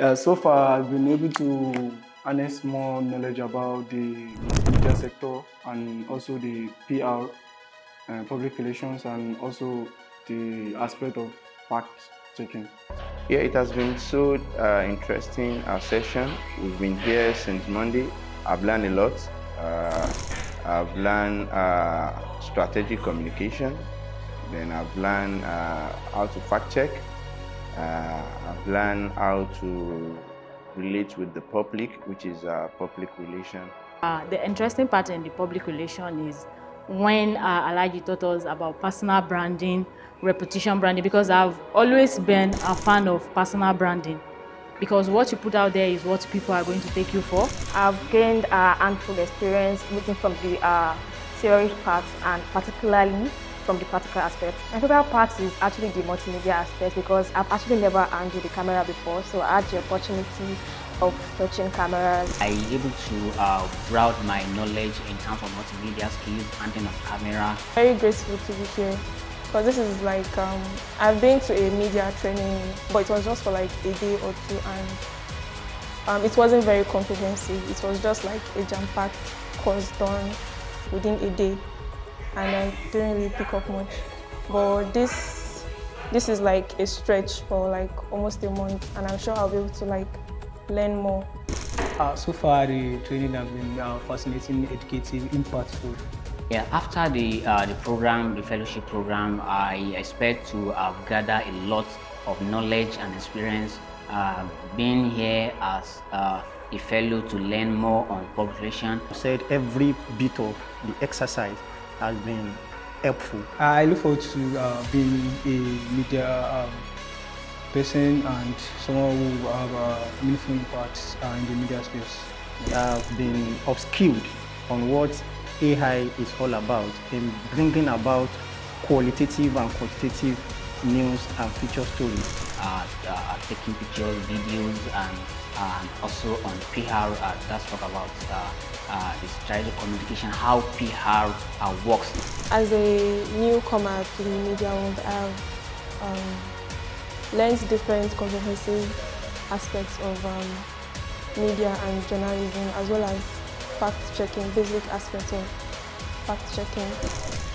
Uh, so far, I've been able to harness more knowledge about the media sector and also the PR, uh, public relations, and also the aspect of fact checking. Yeah, it has been so uh, interesting our session. We've been here since Monday. I've learned a lot. Uh, I've learned uh, strategic communication. Then I've learned uh, how to fact check. Uh, I've learned how to relate with the public, which is uh, public relation. Uh, the interesting part in the public relation is when uh, Alaji taught us about personal branding, reputation branding, because I've always been a fan of personal branding. Because what you put out there is what people are going to take you for. I've gained uh, handful experience looking from the uh, theory part and particularly from the practical aspect. My favorite part is actually the multimedia aspect because I've actually never handled the camera before, so I had the opportunity of touching cameras. I was able to uh, my knowledge in terms of multimedia skills, handling of camera. Very grateful to be here because this is like, um, I've been to a media training, but it was just for like a day or two and um, it wasn't very comprehensive. It was just like a jam-packed course done within a day and I didn't really pick up much. But this this is like a stretch for like almost a month and I'm sure I'll be able to like learn more. Uh, so far the training has been uh, fascinating, educative, impactful. Yeah, after the, uh, the program, the fellowship program, I expect to uh, gather a lot of knowledge and experience uh, being here as uh, a fellow to learn more on population. I said every bit of the exercise has been helpful? I look forward to uh, being a media um, person and someone who will have a uh, meaningful impact uh, in the media space. I've been upskilled on what AI is all about in bringing about qualitative and quantitative news and feature stories. Uh, uh, taking pictures, videos, and and also on PR, uh, that's talk about uh, uh, the strategy communication, how PR uh, works. As a newcomer to the media world, I've um, learned different comprehensive aspects of um, media and journalism, as well as fact-checking, basic aspects of fact-checking.